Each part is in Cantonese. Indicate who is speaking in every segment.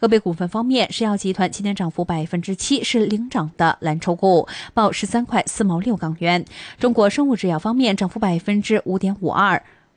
Speaker 1: 河北股份方面，石藥集團今天漲幅百分之七，是領漲的藍籌股，報十三塊四毛六港元。中國生物製藥方面，漲幅百分之五點五二。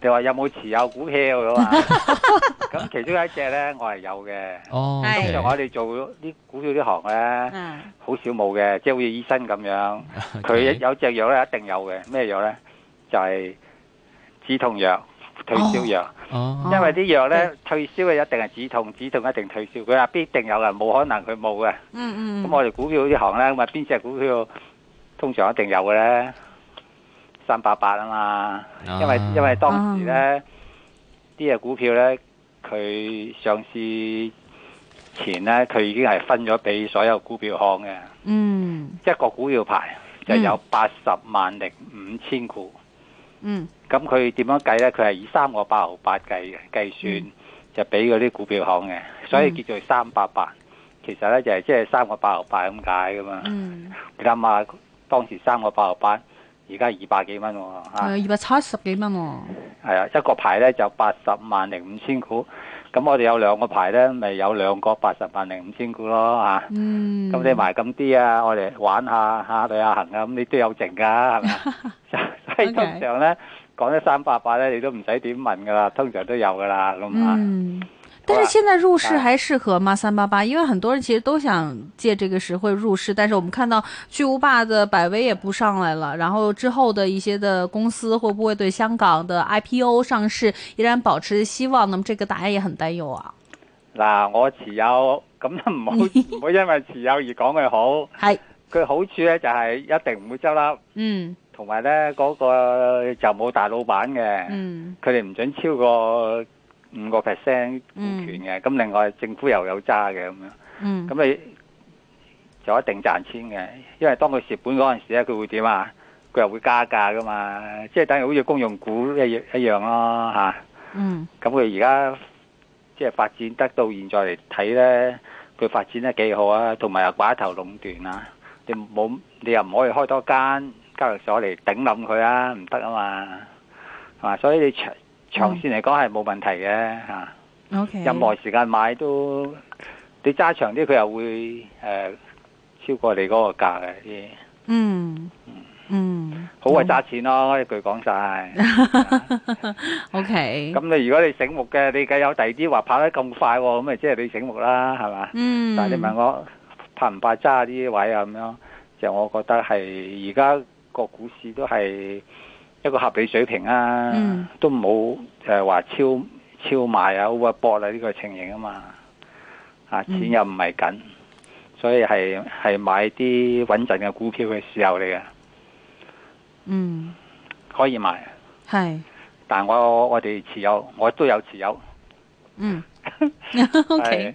Speaker 2: 你話有冇持有股票嘅嘛？咁其中有一隻咧，我係有嘅。
Speaker 3: 哦，通常我哋
Speaker 2: 做啲股票啲行咧，好少冇嘅。即係好似醫生咁樣，佢有隻藥咧一定有嘅。咩藥咧？就係止痛藥、退燒藥。哦，因為啲藥咧，退燒嘅一定係止痛，止痛一定退燒。佢話必定有嘅，冇可能佢冇嘅。
Speaker 3: 嗯嗯。咁我
Speaker 2: 哋股票啲行咧，咁啊邊隻股票通常一定有嘅咧？三八八啊嘛，因為、uh huh. 因為當時咧啲嘅股票咧，佢上市前咧，佢已經係分咗俾所有股票行嘅。嗯、
Speaker 3: mm，hmm.
Speaker 2: 一個股票牌就有八十萬零五千股。嗯、mm，咁佢點樣計咧？佢係以三個八毫八計計算，mm hmm. 計算就俾嗰啲股票行嘅，所以叫做三八八。其實咧就係即係三個八毫八咁解噶嘛。
Speaker 1: 你
Speaker 2: 諗下當時三個八毫八。而家二百幾蚊
Speaker 1: 喎，二百七十幾蚊喎。
Speaker 2: 係啊、哎哦，一個牌咧就八十萬零五千股，咁我哋有兩個牌咧，咪有兩個八十萬零五千股咯嚇。嗯，
Speaker 3: 咁你買
Speaker 2: 咁啲啊，我哋玩一下嚇、旅、啊、下、啊、行啊，咁你都有剩噶係咪？ 所以通常咧 講啲三百八咧，你都唔使點問噶啦，通常都有噶啦，老闆、嗯。啊。但是現在入市
Speaker 1: 還適合嗎？啊、三八八，因為很多人其實都想借這個時會入市，但是我們看到巨無霸的百威也不上來了，然後之後的一些的公司會不會對香港的 IPO 上市依然保持希望？那麼這個大家也很擔憂啊。
Speaker 2: 嗱，我持有，咁唔好唔好因為持有而講佢好。係，佢好處咧就係一定唔會執笠。嗯，同埋咧嗰個就冇大老闆嘅。嗯，佢哋唔准超過。五個 percent 股權嘅，咁另外政府又有揸嘅咁樣，咁你就一定賺錢嘅，因為當佢蝕本嗰陣時咧，佢會點啊？佢又會加價㗎嘛？即係等於好似公用股一樣一樣咯吓。咁佢而家即係發展得到現在嚟睇咧，佢發展得幾好啊？同埋又寡頭壟斷啊！你冇你又唔可以開多間交易所嚟頂冧佢啊？唔得啊嘛，係嘛？所以你除長線嚟講係冇問題嘅吓
Speaker 3: ，okay，任何
Speaker 2: 時間買都，你揸長啲佢又會誒、呃、超過你嗰個價嘅啲。嗯嗯，嗯好鬼揸錢咯，嗯、一句講晒。
Speaker 3: O K。咁
Speaker 2: 你如果你醒目嘅，你梗有第二啲話跑得咁快，哦，咁咪即係你醒目啦，係嘛？嗯、但係你問我怕唔怕揸啲位啊咁樣，就我覺得係而家個股市都係。一個合理水平啊，嗯、都冇就係話超超賣啊，overboard 啊呢個情形啊嘛，啊，錢又唔係緊，嗯、所以係係買啲穩陣嘅股票嘅時候嚟嘅，
Speaker 3: 嗯，可以買，係
Speaker 2: 是，但我我哋持有，我都有持有，
Speaker 1: 嗯，係。 okay.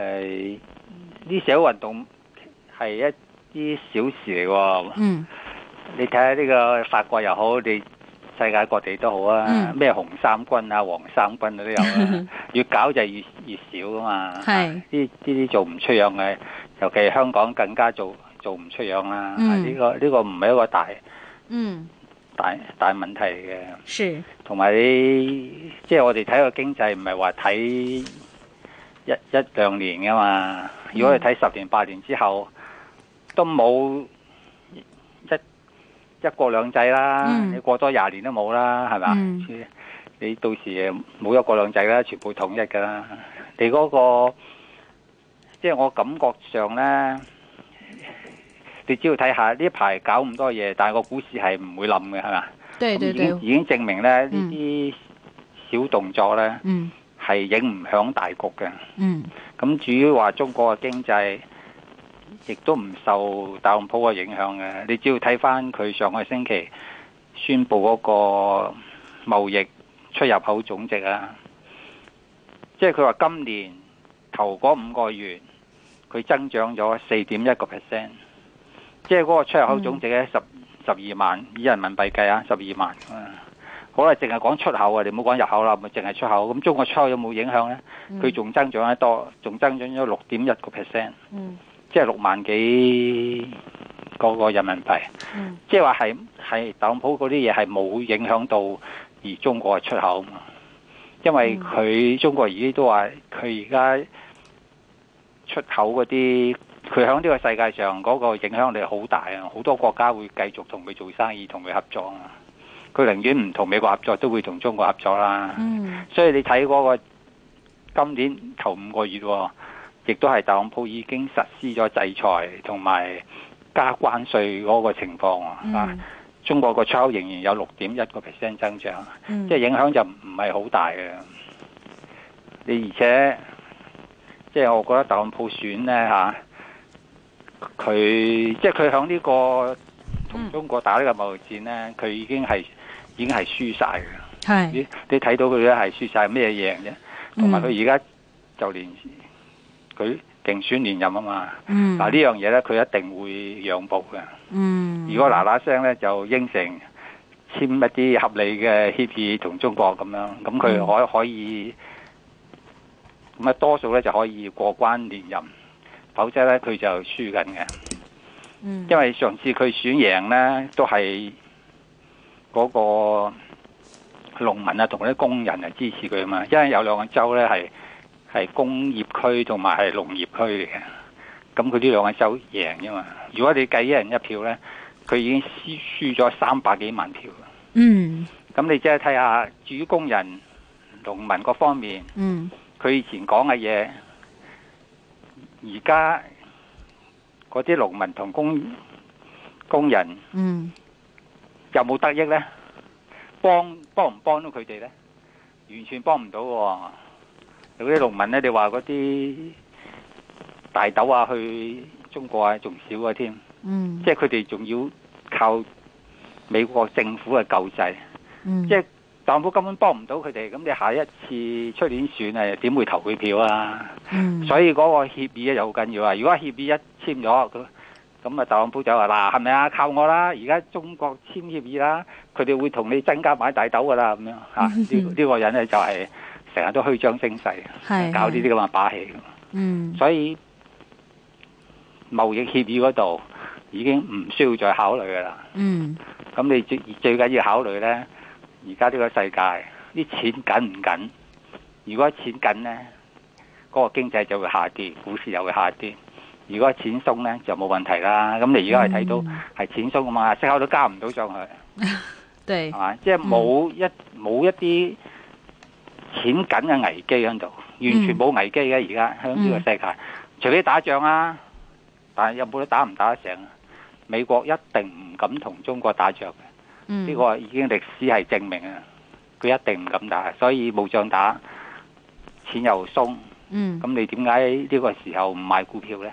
Speaker 2: 誒，呢、呃、社會運動係一啲小事嚟㗎。嗯，你睇下呢個法國又好，你世界各地都好啊。咩、嗯、紅三軍啊、黃三軍嗰啲有啊， 越搞就越越少噶嘛。係呢呢啲做唔出樣嘅，尤其係香港更加做做唔出樣啦。呢、嗯呢個呢、呢個唔係一個大，嗯，大大問題嘅。是。同埋，你，即、就、係、是、我哋睇個經濟，唔係話睇。一一兩年噶嘛，如果你睇十年八年之後，mm. 都冇一一國兩制啦。Mm. 你過多廿年都冇啦，係咪？Mm. 你到時冇一國兩制啦，全部統一噶啦。你嗰個，即係我感覺上呢，你只要睇下呢排搞咁多嘢，但係個股市係唔會冧嘅，係咪？
Speaker 4: 已經
Speaker 2: 已經證明呢呢啲小動作呢。Mm. 係影唔響大局嘅，咁至於話中國嘅經濟亦都唔受特朗普嘅影響嘅。你只要睇翻佢上個星期宣布嗰個貿易出入口總值啊，即係佢話今年頭嗰五個月佢增長咗四點一個 percent，即係嗰個出入口總值咧十十二萬以人民幣計啊，十二萬。我哋淨係講出口啊，你唔好講入口啦，咪淨係出口。咁中國出口有冇影響
Speaker 3: 呢？佢仲
Speaker 2: 增長得多，仲增長咗六點一個 percent，即係六萬幾個人民幣。即係話係係特朗普嗰啲嘢係冇影響到而中國嘅出口，因為佢、嗯、中國而家都話佢而家出口嗰啲，佢喺呢個世界上嗰、嗰個影響力好大啊！好多國家會繼續同佢做生意，同佢合作啊！佢寧願唔同美國合作，都會同中國合作啦。嗯、所以你睇嗰個今年頭五個月、哦，亦都係特朗普已經實施咗制裁同埋加關稅嗰個情況、嗯、啊。中國個出口仍然有六點一個 percent 增長，嗯、即係影響就唔係好大嘅。你而且即係我覺得特朗普選呢，佢、啊、即係佢響呢個同中國打呢個貿易戰呢，佢、嗯、已經係。已經係輸晒
Speaker 3: 嘅，
Speaker 2: 你你睇到佢咧係輸晒，咩贏嘅，
Speaker 3: 同埋佢而家
Speaker 2: 就連佢競、嗯、選連任啊嘛，嗱呢、嗯啊、樣嘢咧，佢一定會讓步嘅。嗯、如果嗱嗱聲咧就應承簽一啲合理嘅協議同中國咁樣，咁佢可可以咁啊，嗯、多數咧就可以過關連任，否則咧佢就輸緊嘅。嗯，因為上次佢選贏咧都係。嗰個農民啊，同啲工人啊支持佢啊嘛，因為有兩個州咧係係工業區同埋係農業區嚟嘅，咁佢呢兩個州贏啊嘛。如果你計一人一票咧，佢已經輸輸咗三百幾萬票。嗯，咁你即係睇下主工人、農民各方面。嗯，佢以前講嘅嘢，而家嗰啲農民同工工人。嗯。有冇得益呢？幫幫唔幫到佢哋呢？完全幫唔到喎。嗰啲農民呢，你話嗰啲大豆啊，去中國啊，仲少啊添。即係佢哋仲要靠美國政府嘅救濟。嗯。即係政府根本幫唔到佢哋，咁你下一次出年選係點會投佢票啊？嗯。所以嗰個協議呢又好緊要啊！如果協議一簽咗，咁啊，特朗普就話嗱，係咪啊？靠我啦！而家中國簽協議啦，佢哋會同你增加買大豆噶啦，咁樣吓。呢呢、 啊呢個人咧就係成日都虛張聲勢， 搞呢啲咁嘅把戲。嗯。 所以貿易協議嗰度已經唔需要再考慮噶啦。嗯。咁你最最緊要考慮咧，而家呢個世界啲錢緊唔緊？如果錢緊咧，嗰、嗰個經濟就會下跌，股市又會下跌。如果錢鬆咧就冇問題啦，咁你而家係睇到係錢鬆啊嘛，息口都加唔到上去，
Speaker 3: 係嘛？
Speaker 2: 即係冇一冇一啲錢緊嘅危機喺度，完全冇危機嘅而家喺呢個世界，除非打仗啊，但係有冇得打唔打得成啊？美國一定唔敢同中國打仗嘅，呢個已經歷史係證明啊！佢一定唔敢打，所以冇仗打，錢又鬆，
Speaker 3: 咁
Speaker 2: 你點解呢個時候唔買股票咧？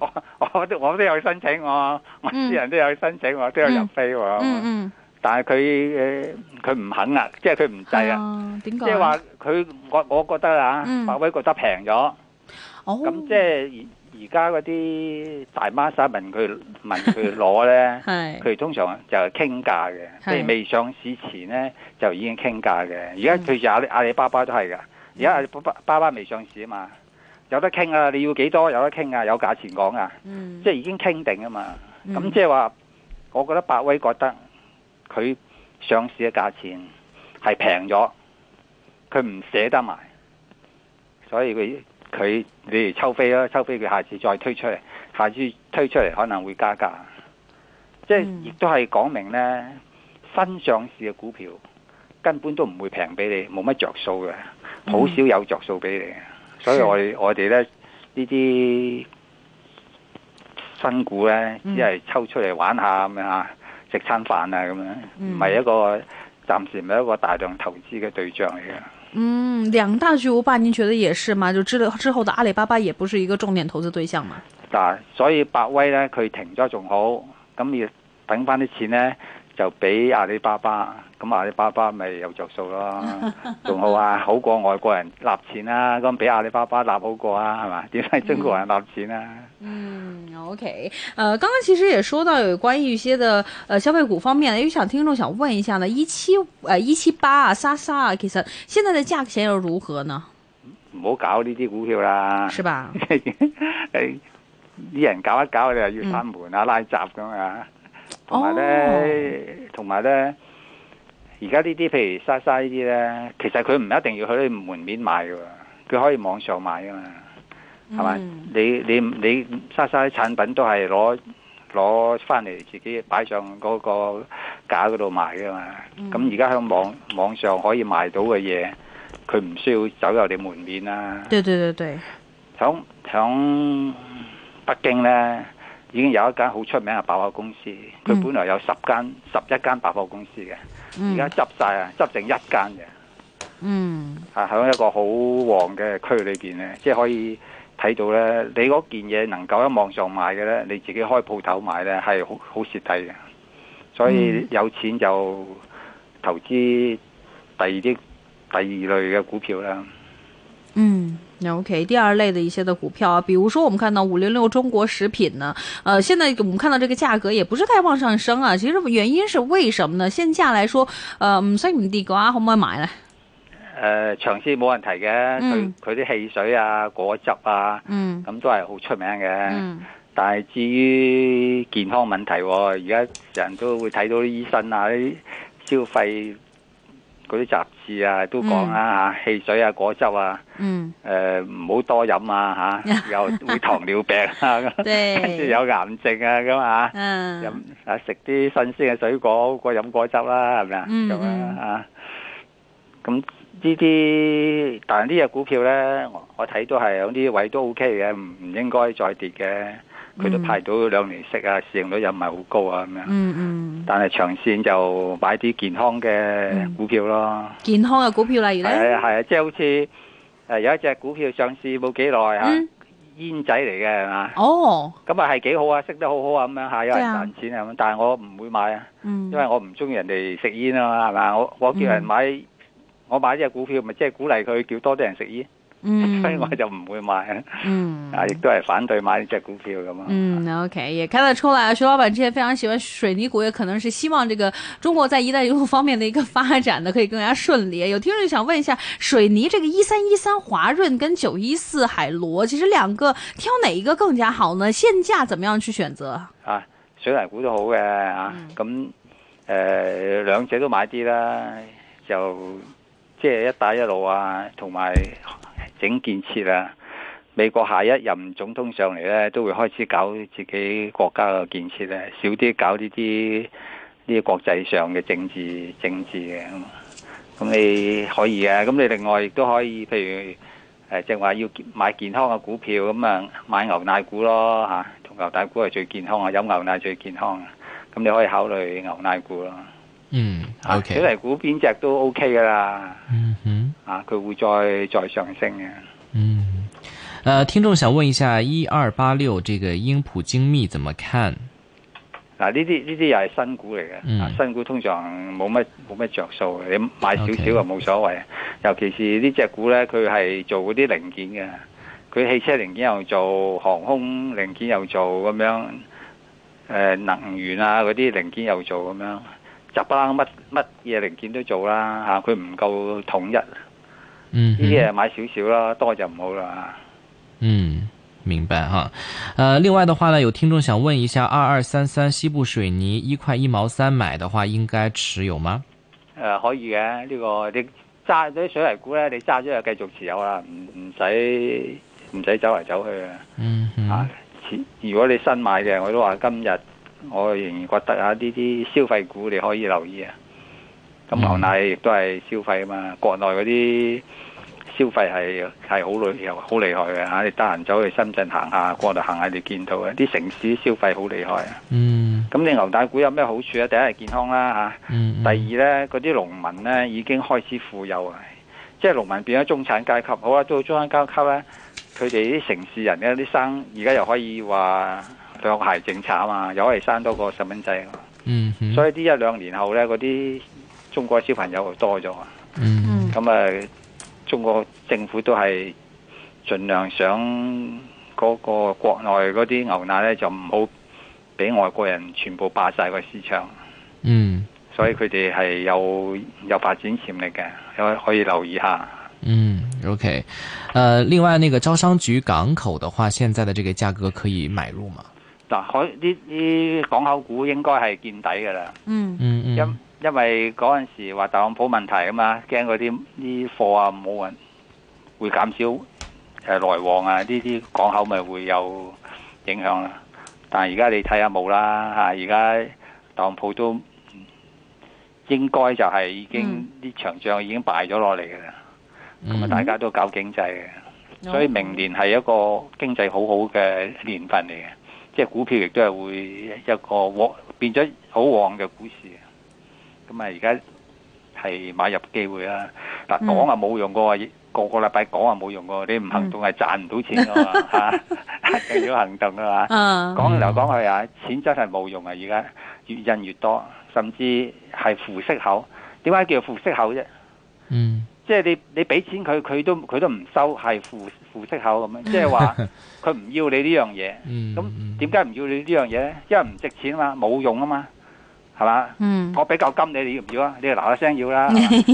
Speaker 2: 我我都我都有申請我，私人都有申請我都有入飛喎。嗯嗯，但係佢佢唔肯啊，即係佢唔制啊。點
Speaker 1: 講？
Speaker 3: 即係話
Speaker 2: 佢，我我覺得啊，華威覺得平咗。咁即係而而家嗰啲大 m 晒 s 問佢問佢攞咧，佢哋通常就係傾價嘅。即係未上市前咧就已經傾價嘅。而家佢就阿里巴巴都係㗎。而家阿里巴巴未上市啊嘛。有得傾啊！你要幾多有得傾啊？有價錢講啊！嗯、即係已經傾定啊嘛。咁即係話，我覺得百威覺得佢上市嘅價錢係平咗，佢唔捨得埋。所以佢，佢你哋抽飛啦，抽飛佢下次再推出嚟，下次推出嚟可能會加價。即係亦都係講明呢，新上市嘅股票根本都唔會平俾你，冇乜着數嘅，好少有着數俾你嘅。嗯嗯所以我我哋咧呢啲新股咧，只係抽出嚟玩下咁樣、嗯、啊，食餐飯啊咁樣，唔係一個、嗯、暫時唔係一個大量投資嘅對象嚟嘅。嗯，
Speaker 1: 兩大巨無霸，你覺得也是嘛？就之之後的阿里巴巴，也不是一個重點投資對象嘛？
Speaker 2: 嗱，所以百威咧，佢停咗仲好，咁要等翻啲錢咧，就俾阿里巴巴。咁阿里巴巴咪有著數咯，
Speaker 3: 仲 好啊，
Speaker 2: 好過外國人納錢啦、啊，咁畀阿里巴巴納好過啊，係嘛？點解中國人納錢啊？嗯，嗯
Speaker 1: ，OK，誒、呃，剛剛其實也講到有關於一些的誒、呃、消費股方面，有啲聽眾想問一下呢一七誒一七八莎莎其實現在嘅價錢又如何呢？
Speaker 2: 唔好搞呢啲股票啦，係吧？啲 人搞一搞，你又要閂門啊、嗯、拉閘咁啊，同埋
Speaker 1: 咧，
Speaker 2: 同埋咧。而家呢啲譬如莎莎呢啲呢，其實佢唔一定要去你門面買嘅，佢可以網上買啊嘛，係咪、嗯？你你你莎莎啲產品都係攞攞翻嚟自己擺上嗰個架嗰度賣嘅嘛。咁而家喺網網上可以買到嘅嘢，佢唔需要走入你門面啦。
Speaker 1: 對對對對，
Speaker 2: 響響北京呢。已經有一間好出名嘅百貨公司，佢本來有十間、嗯、十一間百貨公司嘅，而家、嗯、執晒，啊，執剩一間嘅。
Speaker 3: 嗯，
Speaker 2: 啊，喺一個好旺嘅區裏邊咧，即係可以睇到呢。你嗰件嘢能夠喺網上買嘅呢，你自己開鋪頭賣呢，係好好蝕底嘅。所以有錢就投資第二啲第二類嘅股票啦。嗯。嗯。
Speaker 1: OK，第二類的一些的股票啊，比如說我們看到五零六中國食品呢、啊，呃，現在我們看到這個價格也不是太往上升啊，其實原因是為什麼呢？現價來說，呃唔升唔跌嘅話可唔可以買呢？
Speaker 2: 誒，長線冇問題嘅，佢佢啲汽水啊、果汁啊，嗯，咁都係好出名嘅，嗯，但係至於健康問題，哦，而家成日都會睇到啲醫生啊啲消費。嗰啲雜誌啊，都講啦嚇，嗯、汽水啊、果汁啊，誒唔好多飲啊嚇，又、啊、會糖尿病、啊，即係 對 有癌症啊咁啊嚇，飲啊食啲新鮮嘅水果過飲果汁啦、啊，係咪、嗯、啊咁啊咁呢啲，但係呢隻股票咧，我睇都係有啲位都 OK 嘅，唔唔應該再跌嘅。佢都排到兩年息啊，嗯、市盈率又唔係好高啊咁樣、
Speaker 1: 嗯。嗯嗯。
Speaker 2: 但係長線就買啲健康嘅股票咯。
Speaker 1: 健康嘅股票例如咧？係啊係啊，即係
Speaker 2: 好似誒有一隻股票上市冇幾耐嚇，煙仔嚟嘅係嘛？哦。咁啊係幾好啊，食得好好啊咁樣，嚇有人賺錢係、啊、嘛？啊、但係我唔會買啊，嗯、因為我唔中意人哋食煙啊嘛係嘛？我我叫人買，嗯、我買呢隻股票咪即係鼓勵佢叫多啲人食煙。所以我就唔會買，啊、嗯，亦都係反對買呢隻股票咁嘛。嗯
Speaker 1: ，OK，也看得出來啊，徐老闆之前非常喜歡水泥股，也可能是希望這個中國在一帶一路方面的一個發展的可以更加順利。有聽眾想問一下，水泥這個一三一三華潤跟九一四海螺，其實兩個挑哪一個更加好呢？現價怎麼樣去選擇？
Speaker 2: 啊，水泥股都好嘅，啊，咁嗯呃、兩者都買啲啦，就即係、就是、一帶一路啊，同埋。整建設啊，美國下一任總統上嚟咧，都會開始搞自己國家嘅建設咧，少啲搞呢啲呢個國際上嘅政治政治嘅。咁你可以啊。咁你另外亦都可以，譬如誒，即係話要買健康嘅股票，咁啊買牛奶股咯嚇，同、啊、牛奶股係最健康啊，飲牛奶最健康啊，咁你可以考慮牛奶股咯。嗯、
Speaker 3: mm,，OK，主
Speaker 2: 題、啊、股邊隻都 OK 㗎喇。嗯哼、mm。Hmm. 佢、啊、會再再上升
Speaker 4: 嘅。嗯，誒、呃，聽眾想問一下，一二八六這個英普精密怎麼看？
Speaker 2: 嗱、啊，呢啲呢啲又係新股嚟嘅。嗯、啊，新股通常冇乜冇乜着數，你買少少啊冇所謂。Okay. 尤其是呢隻股呢，佢係做嗰啲零件嘅，佢汽車零件又做，航空零件又做，咁樣誒、呃、能源啊嗰啲零件又做，咁樣雜不乜乜嘢零件都做啦吓，佢、啊、唔夠統一。嗯，呢啲嘢買少少啦，多就唔好啦。
Speaker 4: 嗯，明白哈。誒、呃，另外嘅話咧，有聽眾想問一下，二二三三西部水泥一塊一毛三買嘅話，應該持有嗎？
Speaker 2: 誒、呃，可以嘅，呢個你揸咗啲水泥股咧，你揸咗就繼續持有啦，唔唔使唔使走嚟走去、嗯、哼啊。嗯嗯。啊，如果你新買嘅，我都話今日我仍然覺得啊，呢啲消費股你可以留意啊。咁、嗯、牛奶亦都係消費啊嘛，國內嗰啲消費係係好旅遊好厲害嘅、啊、你得閒走去深圳行下，國內行下，你見到啲城市消費好厲害啊。嗯，咁你牛奶股有咩好處啊？第一係健康啦、啊嗯嗯、第二咧，嗰啲農民咧已經開始富有啊，即係農民變咗中產階級。好啦，到中產階級咧，佢哋啲城市人咧啲生而家又可以話兩孩政策啊嘛，又可以生多個細蚊仔，嗯。嗯，所以呢一兩年後咧嗰啲。中國小朋友多咗，啊、嗯，咁啊，中國政府都係盡量想嗰個國內嗰啲牛奶呢，就唔好俾外國人全部霸晒個市場，嗯、所以佢哋係有有發展潛力嘅，可以留意下。
Speaker 4: 嗯，OK，誒、呃，另外那個招商局港口的話，現在的這個價格可以買入嗎？
Speaker 2: 嗱，海呢呢港口股應該係見底噶啦。嗯嗯嗯。因為嗰陣時話特朗普問題啊嘛，驚嗰啲啲貨啊冇人會減少誒來往啊，呢啲港口咪會有影響，啊、現在有啦。但係而家你睇下冇啦嚇，而家特朗普都應該就係已經呢、嗯、場仗已經敗咗落嚟嘅啦。咁啊、嗯，大家都搞經濟嘅，所以明年係一個經濟很好好嘅年份嚟嘅，即、就、係、是、股票亦都係會一個變很旺變咗好旺嘅股市。咁啊，而家係買入機會啦。嗱，講啊冇用噶，個個禮拜講啊冇用噶，你唔行動係賺唔到錢噶嘛，啊，一定要行動噶嘛。講嚟講去啊，錢真係冇用啊。而家越印越多，甚至係負息口。點解叫負息口啫？嗯，即係你你俾錢佢，佢都佢都唔收，係負負息口咁樣，即係話佢唔要你呢樣嘢。嗯，咁點解唔要你呢樣嘢咧？因為唔值錢啊嘛，冇用啊嘛。係嘛？吧嗯、我俾嚿金你，你要唔要啊？你嗱嗱聲要啦！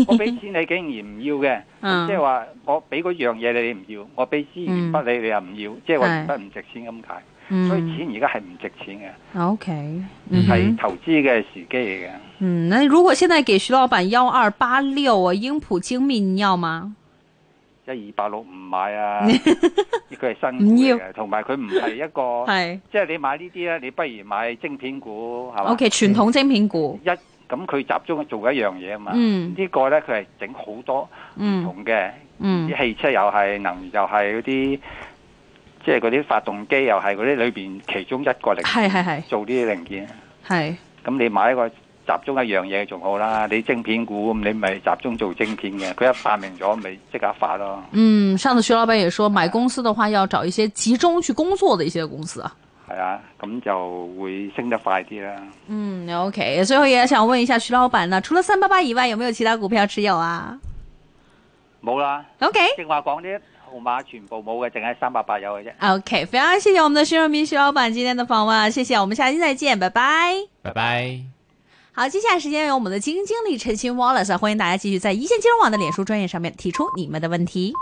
Speaker 2: 我俾錢你，竟然唔要嘅。嗯、即係話我俾嗰樣嘢你，你唔要；我俾支鉛筆你，你又唔要，嗯、即係話鉛筆唔值錢咁解。嗯、
Speaker 3: 所以錢
Speaker 2: 而家係唔值錢嘅。O K，係投資嘅時機嚟嘅。嗯，
Speaker 1: 那如果現在給徐老闆幺二八六啊，英普精密，你要嗎？
Speaker 2: 一二八六唔買啊！佢係新嘅，同埋佢唔係一個，即係你買呢啲咧，你不如買晶片股，係嘛？OK，傳統晶片股一，咁佢集中做一樣嘢啊嘛。呢個咧佢係整好多唔同嘅，啲汽車又係能，又係嗰啲，即係嗰啲發動機又係嗰啲裏邊其中一個零件，係係係，做呢啲零件。係，咁你買一個。集中一樣嘢仲好啦，你晶片股，你咪集中做晶片嘅。佢一發明咗，咪即刻發咯。
Speaker 1: 嗯，上次徐老闆也說，的買公司的話要找一些集中去工作的一些公司。啊，
Speaker 2: 係啊，咁就會升得快啲啦。
Speaker 1: 嗯，OK。最後也想問一下徐老闆啦，除了三八八以外，有沒有其他股票持有啊？
Speaker 2: 冇啦。OK。正話講啲號碼全部冇嘅，淨係三八八
Speaker 1: 有嘅啫。OK，非常謝謝我們的徐潤民徐老闆今天的訪問，謝謝，我們下期再見，拜拜。
Speaker 4: 拜拜。
Speaker 1: 好，接下來時間由我們的基金經理陳鑫 Wallace 歡迎大家繼續在一線金融網的臉書專頁上面提出你們的問題。